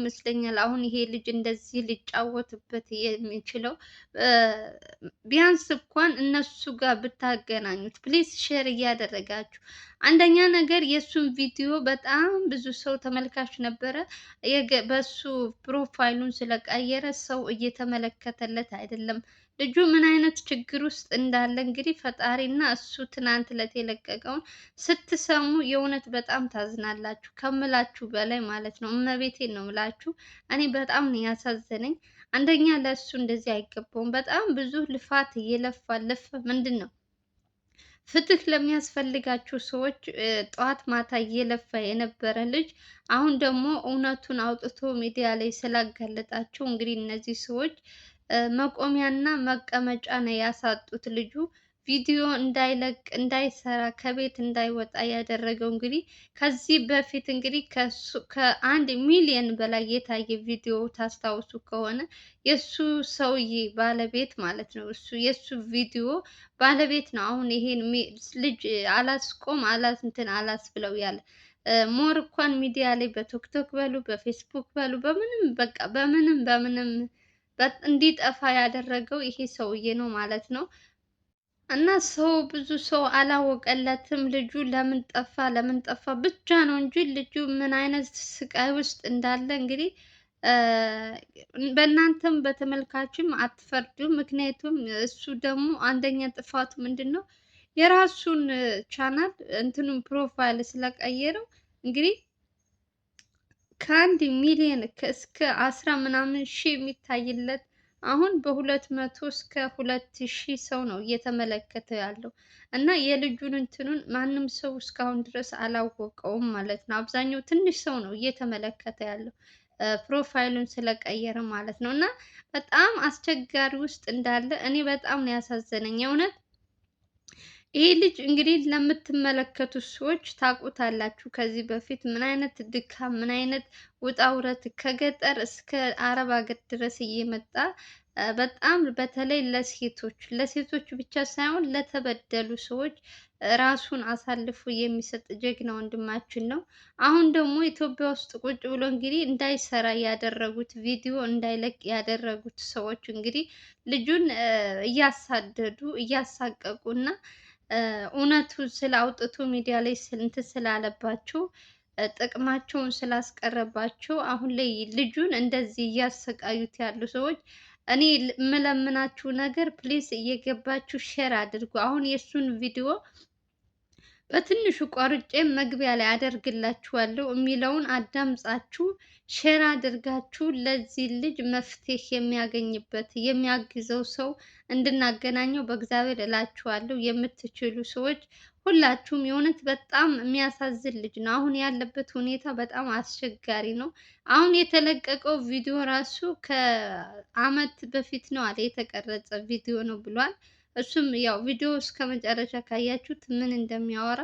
ይመስለኛል አሁን ይሄ ልጅ እንደዚህ ሊጫወትበት የሚችለው ቢያንስ እንኳን እነሱ ጋር ብታገናኙት። ፕሊስ ሼር እያደረጋችሁ አንደኛ ነገር የእሱን ቪዲዮ በጣም ብዙ ሰው ተመልካች ነበረ። በሱ ፕሮፋይሉን ስለቀየረ ሰው እየተመለከተለት አይደለም። ልጁ ምን አይነት ችግር ውስጥ እንዳለ እንግዲህ ፈጣሪና እሱ ትናንት ዕለት የለቀቀውን ስትሰሙ የእውነት በጣም ታዝናላችሁ ከምላችሁ በላይ ማለት ነው። እመቤቴን ነው ምላችሁ። እኔ በጣም ነው ያሳዘነኝ። አንደኛ ለእሱ እንደዚህ አይገባውም። በጣም ብዙ ልፋት እየለፋ ልፍ ምንድን ነው ፍትህ ለሚያስፈልጋችሁ ሰዎች ጠዋት ማታ እየለፋ የነበረ ልጅ አሁን ደግሞ እውነቱን አውጥቶ ሚዲያ ላይ ስላጋለጣቸው እንግዲህ እነዚህ ሰዎች መቆሚያና መቀመጫ ነው ያሳጡት። ልጁ ቪዲዮ እንዳይለቅ እንዳይሰራ ከቤት እንዳይወጣ ያደረገው እንግዲህ ከዚህ በፊት እንግዲህ ከአንድ ሚሊዮን በላይ የታየ ቪዲዮ ታስታውሱ ከሆነ የእሱ ሰውዬ ባለቤት ማለት ነው። እሱ የእሱ ቪዲዮ ባለቤት ነው። አሁን ይሄን ልጅ አላስቆም አላስ እንትን አላስ ብለው ያለ ሞር እንኳን ሚዲያ ላይ በቶክቶክ በሉ በፌስቡክ በሉ በምንም በቃ በምንም በምንም እንዲጠፋ ያደረገው ይሄ ሰውዬ ነው ማለት ነው። እና ሰው ብዙ ሰው አላወቀለትም። ልጁ ለምን ጠፋ ለምን ጠፋ ብቻ ነው እንጂ ልጁ ምን አይነት ስቃይ ውስጥ እንዳለ እንግዲህ በእናንተም በተመልካችም አትፈርዱ። ምክንያቱም እሱ ደግሞ አንደኛ ጥፋቱ ምንድን ነው የራሱን ቻናል እንትኑን ፕሮፋይል ስለቀየረው እንግዲህ ከአንድ ሚሊዮን እስከ አስራ ምናምን ሺህ የሚታይለት አሁን በሁለት መቶ እስከ ሁለት ሺህ ሰው ነው እየተመለከተ ያለው እና የልጁን እንትኑን ማንም ሰው እስካሁን ድረስ አላወቀውም ማለት ነው። አብዛኛው ትንሽ ሰው ነው እየተመለከተ ያለው ፕሮፋይሉን ስለቀየረ ማለት ነው። እና በጣም አስቸጋሪ ውስጥ እንዳለ እኔ በጣም ነው ያሳዘነኝ እውነት። ይህ ልጅ እንግዲህ ለምትመለከቱት ሰዎች ታውቁታላችሁ። ከዚህ በፊት ምን አይነት ድካም፣ ምን አይነት ውጣ ውረት ከገጠር እስከ አረብ ሀገር ድረስ እየመጣ በጣም በተለይ ለሴቶች ለሴቶች ብቻ ሳይሆን ለተበደሉ ሰዎች ራሱን አሳልፎ የሚሰጥ ጀግና ወንድማችን ነው። አሁን ደግሞ ኢትዮጵያ ውስጥ ቁጭ ብሎ እንግዲህ እንዳይሰራ ያደረጉት ቪዲዮ እንዳይለቅ ያደረጉት ሰዎች እንግዲህ ልጁን እያሳደዱ እያሳቀቁ እና እውነቱ ስላውጥቱ ሚዲያ ላይ ስንት ስላለባችሁ ጥቅማቸውን ስላስቀረባቸው አሁን ላይ ልጁን እንደዚህ እያሰቃዩት ያሉ ሰዎች እኔ የምለምናችሁ ነገር ፕሊስ እየገባችሁ ሼር አድርጉ። አሁን የእሱን ቪዲዮ በትንሹ ቆርጬ መግቢያ ላይ አደርግላችኋለሁ የሚለውን አዳምጻችሁ ሼር አድርጋችሁ ለዚህ ልጅ መፍትሄ የሚያገኝበት የሚያግዘው ሰው እንድናገናኘው በእግዚአብሔር እላችኋለሁ። የምትችሉ ሰዎች ሁላችሁም የእውነት በጣም የሚያሳዝን ልጅ ነው። አሁን ያለበት ሁኔታ በጣም አስቸጋሪ ነው። አሁን የተለቀቀው ቪዲዮ ራሱ ከአመት በፊት ነው አለ የተቀረጸ ቪዲዮ ነው ብሏል። እሱም ያው ቪዲዮ እስከ መጨረሻ ካያችሁት ምን እንደሚያወራ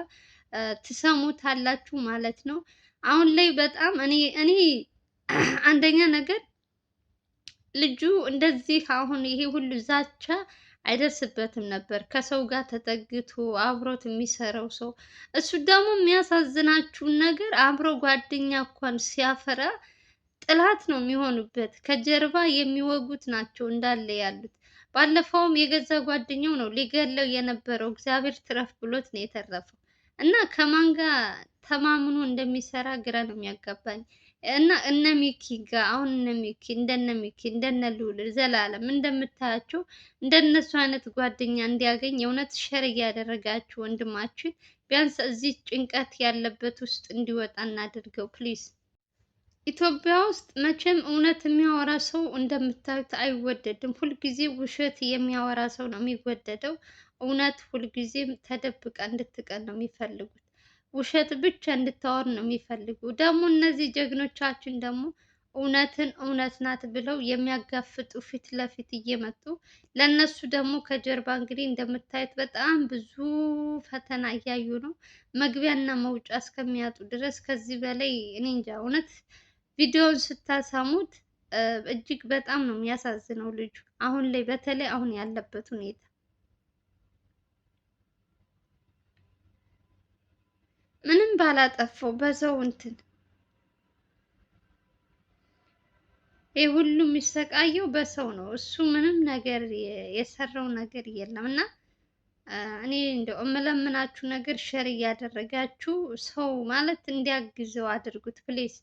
ትሰሙታላችሁ ማለት ነው። አሁን ላይ በጣም እኔ እኔ አንደኛ ነገር ልጁ እንደዚህ አሁን ይሄ ሁሉ ዛቻ አይደርስበትም ነበር ከሰው ጋር ተጠግቶ አብሮት የሚሰራው ሰው። እሱ ደግሞ የሚያሳዝናችሁን ነገር አብሮ ጓደኛ እንኳን ሲያፈራ ጥላት ነው የሚሆኑበት። ከጀርባ የሚወጉት ናቸው እንዳለ ያሉት ባለፈውም የገዛ ጓደኛው ነው ሊገለው የነበረው እግዚአብሔር ትረፍ ብሎት ነው የተረፈው። እና ከማን ጋር ተማምኖ እንደሚሰራ ግራ ነው የሚያጋባኝ። እና እነ ሚኪ ጋር አሁን እነ ሚኪ እንደነ ሚኪ እንደነ ዘላለም እንደምታያቸው እንደነሱ አይነት ጓደኛ እንዲያገኝ የእውነት ሸር እያደረጋችሁ ወንድማችን ቢያንስ እዚህ ጭንቀት ያለበት ውስጥ እንዲወጣ እናድርገው ፕሊዝ። ኢትዮጵያ ውስጥ መቼም እውነት የሚያወራ ሰው እንደምታዩት አይወደድም። ሁልጊዜ ውሸት የሚያወራ ሰው ነው የሚወደደው። እውነት ሁልጊዜም ተደብቃ እንድትቀር ነው የሚፈልጉት። ውሸት ብቻ እንድታወር ነው የሚፈልጉ። ደግሞ እነዚህ ጀግኖቻችን ደግሞ እውነትን እውነት ናት ብለው የሚያጋፍጡ ፊት ለፊት እየመጡ ለእነሱ ደግሞ ከጀርባ እንግዲህ እንደምታዩት በጣም ብዙ ፈተና እያዩ ነው። መግቢያና መውጫ እስከሚያጡ ድረስ ከዚህ በላይ እኔ እንጃ እውነት ቪዲዮውን ስታሰሙት እጅግ በጣም ነው የሚያሳዝነው። ልጁ አሁን ላይ በተለይ አሁን ያለበት ሁኔታ ምንም ባላጠፋው በሰው እንትን ይህ ሁሉ የሚሰቃየው በሰው ነው። እሱ ምንም ነገር የሰራው ነገር የለም እና እኔ እንደው እምለምናችሁ ነገር ሸር እያደረጋችሁ ሰው ማለት እንዲያግዘው አድርጉት ፕሌስ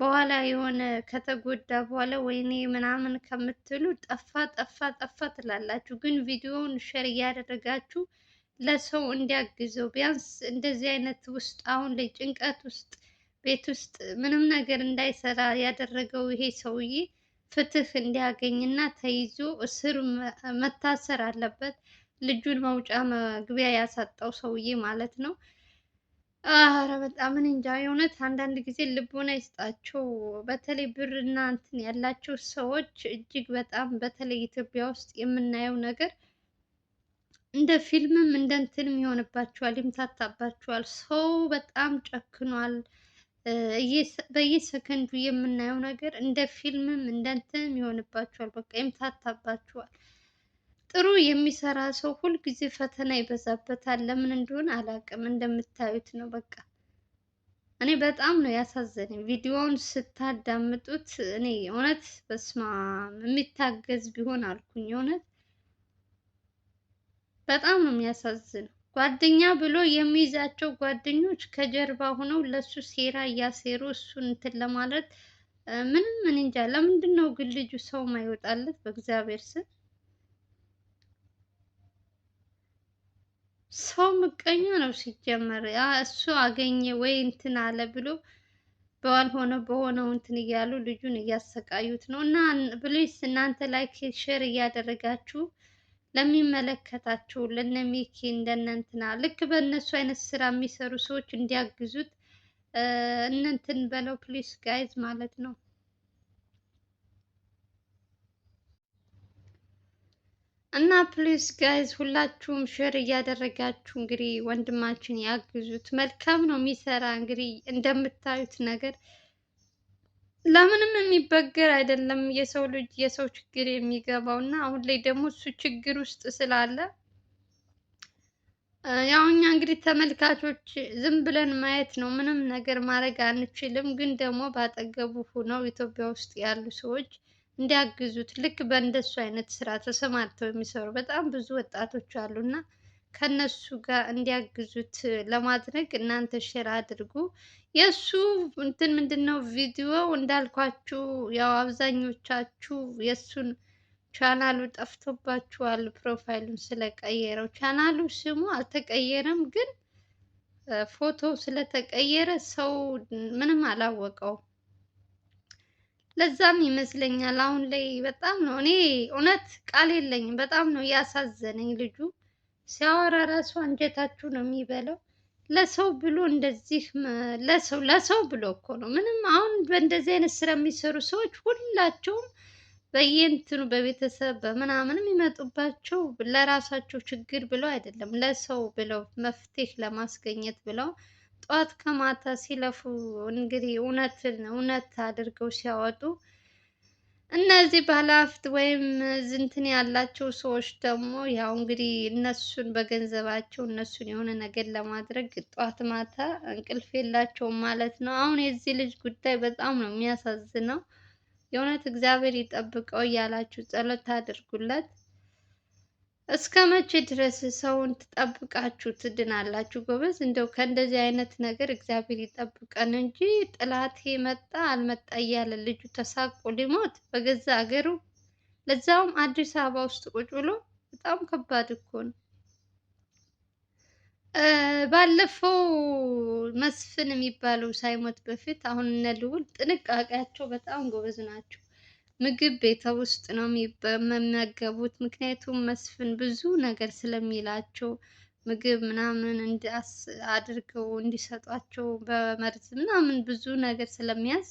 በኋላ የሆነ ከተጎዳ በኋላ ወይኔ ምናምን ከምትሉ ጠፋ ጠፋ ጠፋ ትላላችሁ። ግን ቪዲዮውን ሸር እያደረጋችሁ ለሰው እንዲያግዘው ቢያንስ እንደዚህ አይነት ውስጥ አሁን ላይ ጭንቀት ውስጥ ቤት ውስጥ ምንም ነገር እንዳይሰራ ያደረገው ይሄ ሰውዬ ፍትህ እንዲያገኝና ተይዞ እስር መታሰር አለበት። ልጁን መውጫ መግቢያ ያሳጣው ሰውዬ ማለት ነው። አረ በጣም እኔ እንጃ የእውነት አንዳንድ ጊዜ ልቦና ይስጣቸው። በተለይ ብር እና እንትን ያላቸው ሰዎች እጅግ በጣም በተለይ ኢትዮጵያ ውስጥ የምናየው ነገር እንደ ፊልምም እንደ እንትንም ይሆንባቸዋል፣ ይምታታባቸዋል። ሰው በጣም ጨክኗል። በየሰከንዱ የምናየው ነገር እንደ ፊልምም እንደ እንትንም ይሆንባቸዋል። በቃ ይምታታባቸዋል። ጥሩ የሚሰራ ሰው ሁልጊዜ ፈተና ይበዛበታል። ለምን እንደሆነ አላውቅም። እንደምታዩት ነው በቃ እኔ በጣም ነው ያሳዘነኝ። ቪዲዮውን ስታዳምጡት እኔ እውነት በስማ የሚታገዝ ቢሆን አልኩኝ። እውነት በጣም ነው የሚያሳዝነው። ጓደኛ ብሎ የሚይዛቸው ጓደኞች ከጀርባ ሆነው ለሱ ሴራ እያሴሩ እሱን እንትን ለማለት ምንም ምን እንጃ። ለምንድን ነው ግን ልጁ ሰው ማይወጣለት በእግዚአብሔር ስም ሰው ምቀኛ ነው ሲጀመር። እሱ አገኘ ወይ እንትን አለ ብሎ በዋልሆነ በሆነው እንትን እያሉ ልጁን እያሰቃዩት ነው። እና ብሊስ እናንተ ላይክ ሼር እያደረጋችሁ ለሚመለከታችሁ ለነ ሚኪ እንደነ እንትና ልክ በእነሱ አይነት ስራ የሚሰሩ ሰዎች እንዲያግዙት እንትን በለው ፕሊስ ጋይዝ ማለት ነው። እና ፕሊስ ጋይዝ ሁላችሁም ሼር እያደረጋችሁ እንግዲህ ወንድማችን ያግዙት። መልካም ነው የሚሰራ እንግዲህ እንደምታዩት ነገር ለምንም የሚበገር አይደለም። የሰው ልጅ የሰው ችግር የሚገባው እና አሁን ላይ ደግሞ እሱ ችግር ውስጥ ስላለ ያው እኛ እንግዲህ ተመልካቾች ዝም ብለን ማየት ነው፣ ምንም ነገር ማድረግ አንችልም። ግን ደግሞ ባጠገቡ ሆነው ኢትዮጵያ ውስጥ ያሉ ሰዎች እንዲያግዙት ልክ በእንደሱ አይነት ስራ ተሰማርተው የሚሰሩ በጣም ብዙ ወጣቶች አሉ እና ከነሱ ጋር እንዲያግዙት ለማድረግ እናንተ ሼር አድርጉ። የእሱ እንትን ምንድን ነው ቪዲዮ እንዳልኳችሁ ያው አብዛኞቻችሁ የእሱን ቻናሉ ጠፍቶባችኋል። ፕሮፋይሉን ስለቀየረው ቻናሉ ስሙ አልተቀየረም፣ ግን ፎቶ ስለተቀየረ ሰው ምንም አላወቀውም። ለዛም ይመስለኛል አሁን ላይ በጣም ነው እኔ እውነት ቃል የለኝም። በጣም ነው ያሳዘነኝ። ልጁ ሲያወራ ራሱ አንጀታችሁ ነው የሚበላው። ለሰው ብሎ እንደዚህ ለሰው ለሰው ብሎ እኮ ነው ምንም። አሁን በእንደዚህ አይነት ስራ የሚሰሩ ሰዎች ሁላቸውም በየእንትኑ በቤተሰብ በምናምንም ይመጡባቸው ለራሳቸው ችግር ብለው አይደለም፣ ለሰው ብለው መፍትሄ ለማስገኘት ብለው ጠዋት ከማታ ሲለፉ እንግዲህ እውነትን እውነት አድርገው ሲያወጡ እነዚህ ባለሀብት ወይም ዝንትን ያላቸው ሰዎች ደግሞ ያው እንግዲህ እነሱን በገንዘባቸው እነሱን የሆነ ነገር ለማድረግ ጠዋት ማታ እንቅልፍ የላቸውም ማለት ነው። አሁን የዚህ ልጅ ጉዳይ በጣም ነው የሚያሳዝነው። የእውነት እግዚአብሔር ይጠብቀው እያላችሁ ጸሎት አድርጉለት። እስከ መቼ ድረስ ሰውን ትጠብቃችሁ ትድናላችሁ? ጎበዝ እንደው ከእንደዚህ አይነት ነገር እግዚአብሔር ይጠብቀን እንጂ ጥላቴ መጣ አልመጣ እያለ ልጁ ተሳቆ ሊሞት በገዛ ሀገሩ፣ ለዛውም አዲስ አበባ ውስጥ ቁጭ ብሎ በጣም ከባድ እኮ ነው። ባለፈው መስፍን የሚባለው ሳይሞት በፊት አሁን እነ ልዑል ጥንቃቄያቸው በጣም ጎበዝ ናቸው። ምግብ ቤት ውስጥ ነው የሚመገቡት። ምክንያቱም መስፍን ብዙ ነገር ስለሚላቸው ምግብ ምናምን አድርገው እንዲሰጧቸው በመርዝ ምናምን ብዙ ነገር ስለሚያዝ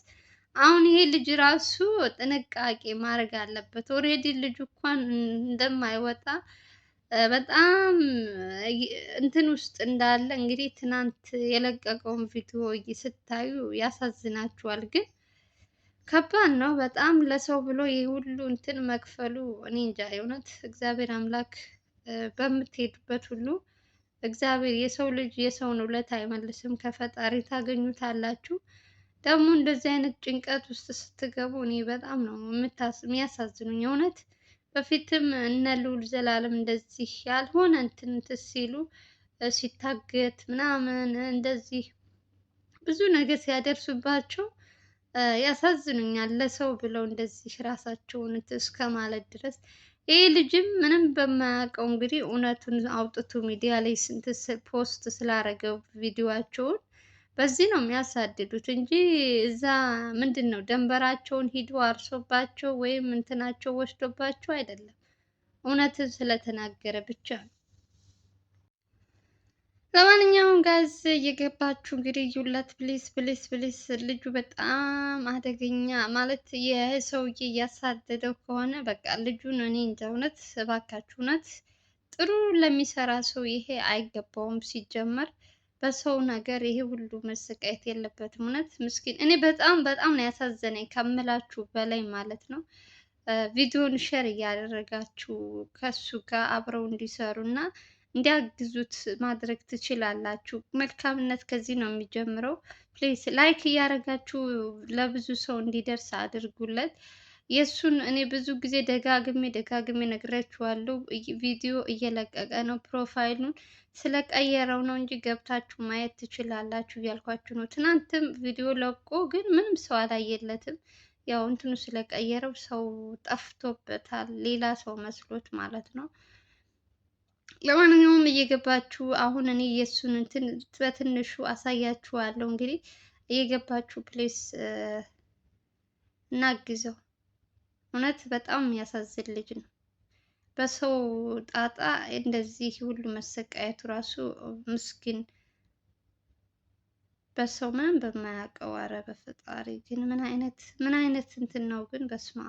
አሁን ይሄ ልጅ ራሱ ጥንቃቄ ማድረግ አለበት። ኦልሬዲ ልጁ እንኳን እንደማይወጣ በጣም እንትን ውስጥ እንዳለ እንግዲህ ትናንት የለቀቀውን ቪዲዮ ስታዩ ያሳዝናችኋል ግን ከባድ ነው በጣም ለሰው ብሎ ይህ ሁሉ እንትን መክፈሉ፣ እኔ እንጃ የእውነት እግዚአብሔር አምላክ በምትሄዱበት ሁሉ እግዚአብሔር የሰው ልጅ የሰውን ውለት አይመልስም፣ ከፈጣሪ ታገኙታላችሁ። ደግሞ እንደዚህ አይነት ጭንቀት ውስጥ ስትገቡ እኔ በጣም ነው የሚያሳዝኑኝ የእውነት። በፊትም እነ ልዑል ዘላለም እንደዚህ ያልሆነ እንትን ሲሉ ሲታገት ምናምን እንደዚህ ብዙ ነገር ሲያደርሱባቸው ያሳዝኑኛል። ለሰው ብለው እንደዚህ ራሳቸውን እስከ ማለት ድረስ ይህ ልጅም ምንም በማያውቀው እንግዲህ እውነቱን አውጥቶ ሚዲያ ላይ ስንት ፖስት ስላደረገው ቪዲዮቸውን በዚህ ነው የሚያሳድዱት እንጂ እዛ ምንድን ነው ደንበራቸውን ሂዶ አርሶባቸው ወይም እንትናቸው ወስዶባቸው አይደለም፣ እውነትን ስለተናገረ ብቻ ነው። ለማንኛውም ጋዝ እየገባችሁ እንግዲህ እዩላት ፕሊስ ፕሊስ ፕሊስ። ልጁ በጣም አደገኛ ማለት የሰውዬ እያሳደደው ከሆነ በቃ ልጁን እኔ እንጃ። እውነት እባካችሁ እውነት ጥሩ ለሚሰራ ሰው ይሄ አይገባውም። ሲጀመር በሰው ነገር ይሄ ሁሉ መሰቃየት የለበትም። እውነት ምስኪን። እኔ በጣም በጣም ነው ያሳዘነኝ ከምላችሁ በላይ ማለት ነው። ቪዲዮን ሸር እያደረጋችሁ ከሱ ጋር አብረው እንዲሰሩ እና እንዲያግዙት ማድረግ ትችላላችሁ። መልካምነት ከዚህ ነው የሚጀምረው። ፕሌስ ላይክ እያደረጋችሁ ለብዙ ሰው እንዲደርስ አድርጉለት። የእሱን እኔ ብዙ ጊዜ ደጋግሜ ደጋግሜ ነግራችኋለሁ። ቪዲዮ እየለቀቀ ነው። ፕሮፋይሉን ስለቀየረው ነው እንጂ ገብታችሁ ማየት ትችላላችሁ እያልኳችሁ ነው። ትናንትም ቪዲዮ ለቆ ግን ምንም ሰው አላየለትም። ያው እንትኑ ስለቀየረው ሰው ጠፍቶበታል፣ ሌላ ሰው መስሎት ማለት ነው። ለማንኛውም እየገባችሁ አሁን እኔ የእሱን እንትን በትንሹ አሳያችኋለሁ። እንግዲህ እየገባችሁ ፕሌስ እናግዘው። እውነት በጣም የሚያሳዝን ልጅ ነው። በሰው ጣጣ እንደዚህ ሁሉ መሰቃየቱ ራሱ ምስኪን በሰው ምንም በማያውቀው። ኧረ በፈጣሪ ግን ምን አይነት ምን አይነት እንትን ነው ግን በስማ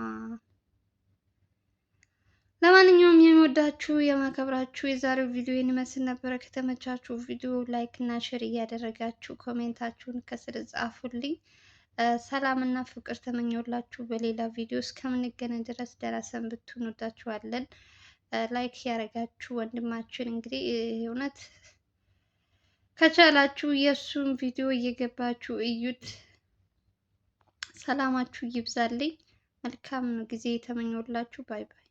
ለማንኛውም የሚወዳችሁ የማከብራችሁ የዛሬው ቪዲዮ ይመስል ነበረ። ከተመቻችሁ ቪዲዮ ላይክ እና ሼር እያደረጋችሁ ኮሜንታችሁን ከስር ጻፉልኝ። ሰላም እና ፍቅር ተመኞላችሁ በሌላ ቪዲዮ እስከምንገናኝ ድረስ ደህና ሰንብቱ። እንወዳችኋለን። ላይክ ያደረጋችሁ ወንድማችን እንግዲህ እውነት ከቻላችሁ የእሱን ቪዲዮ እየገባችሁ እዩት። ሰላማችሁ ይብዛልኝ። መልካም ጊዜ ተመኘላችሁ ባይ ባይ።